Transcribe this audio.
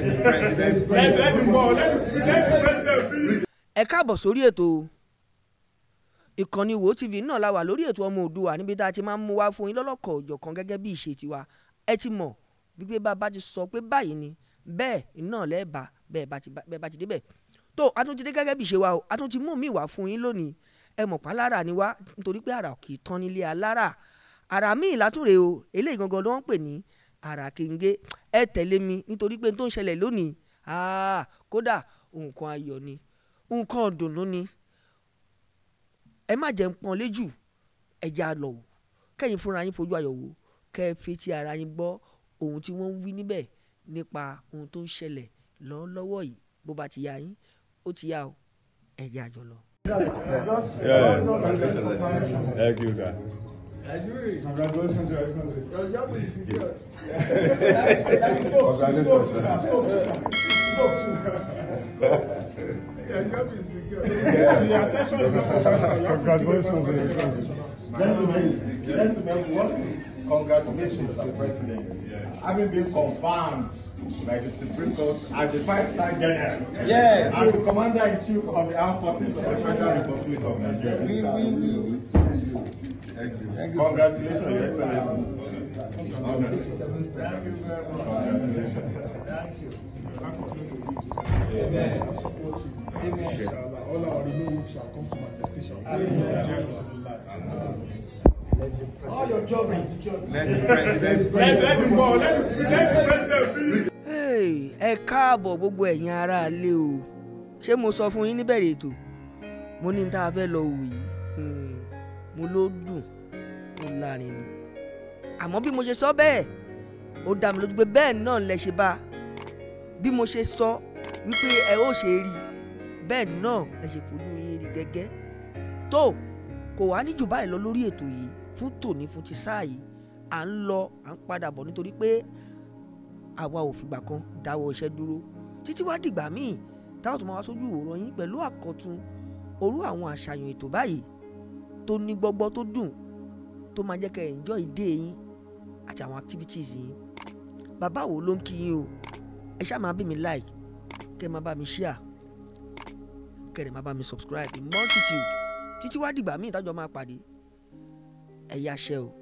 Let the president Let, let, the, ball, let, the, let the president be. Ẹ káàbọ̀ sórí ètò ìkànnì wo TV náà la wà lórí ètò ọmọ Oòduà níbi tá a ti máa ń mú wá fún yín lọ́lọ́kọ̀ òjọ̀kan gẹ́gẹ́ bí ìṣe tiwa ẹ ti mọ̀ wípé bàbá ti sọ pé báyìí ni bẹ́ẹ̀ náà lẹ́ẹ̀bà bẹ́ẹ̀ bá ti débẹ̀ tó a tún ti dé gẹ́gẹ́ bí ìṣe wa o a tún ti mú mi wá fún yín lónìí ẹ mọ̀ pa lára ni wá nítorí pé àrà kì í tán nílé alára àrà míì látúre o eléyìí gangan ló ń pè ní àràkéńgé ẹ tẹ̀lé mi nítorí pé n tó ń ṣẹlẹ̀ lónìí ah kódà nǹkan ayọ̀ ni nǹkan ọ̀dùnnú ni ẹ má jẹ́ ń pọ́n léjù ẹ̀já lọ wò kẹ́yìn fúnra yín fojú ayọ̀ wò kẹ́ ẹ fi ti ara yín gbọ́ ohun tí wọ́n ń wí níbẹ̀ nípa ohun tó ń ṣẹlẹ̀ lọ́wọ́lọ́wọ́ yìí bó bá ti yá yín ó ti yá o ẹ̀já jọ lọ. Thank you, sir. I Congratulations, Your Excellency. Your job is That is that we spoke to, spoke to, sir, spoke two sir. Your job is secure. Congratulations, Your Excellency. Gentlemen, gentlemen, Congratulations, to the President. Having been confirmed by the Supreme Court as a five-star general. Yes. As the Commander-in-Chief of the Armed Forces of the Federal Republic of Nigeria. We, we, we. Thank you. Thank you. Thank you. Congratulations, Your Excellencies. Thank you very much. Thank you. Amen. Amen. All our renewed shall come to manifestation. Amen. Amen. Amen. All your job is secured. Let the president. Let, let the ball. Let the, let the president be. Hey, ẹ káàbọ̀ gbogbo ẹ̀yin aráalé o. Ṣé mo sọ fún yín níbẹ̀rẹ̀ ètò? Mo ní tá a fẹ́ lọ wò yìí. Hmm, mo ló dùn, ó lárin ni. Àmọ́ bí mo ṣe sọ bẹ́ẹ̀, ó dá mi lójú pé bẹ́ẹ̀ náà lẹ ṣe bá. Bí mo ṣe sọ wípé ẹ ó ṣe rí, bẹ́ẹ̀ náà lẹ ṣe fojú yín rí gẹ́gẹ́. Tó kò wá ní báyìí lọ lórí ètò yìí fún tòní fún ti sáà yìí à ń lọ à ń padà bọ̀ nítorí pé àwa ò fìgbà kan dáwọ́ iṣẹ́ dúró títí wá dìgbà míì táwọn tó máa wá sójú ìwòran yín pẹ̀lú àkọ́tun orú àwọn àṣàyàn ètò báyìí tó ní gbọ́gbọ́ tó dùn tó máa jẹ́ kẹ́ ẹ̀ enjoy day yín àti àwọn activities yín bàbá wo ló ń kí yín o ẹ ṣáà máa bí mi like kẹ́ ẹ máa bá mi share kẹ́ ẹ máa bá mi subscribe multitude títí wá dìgbà míì tájọ máa pàdé ẹ̀yà ṣe o.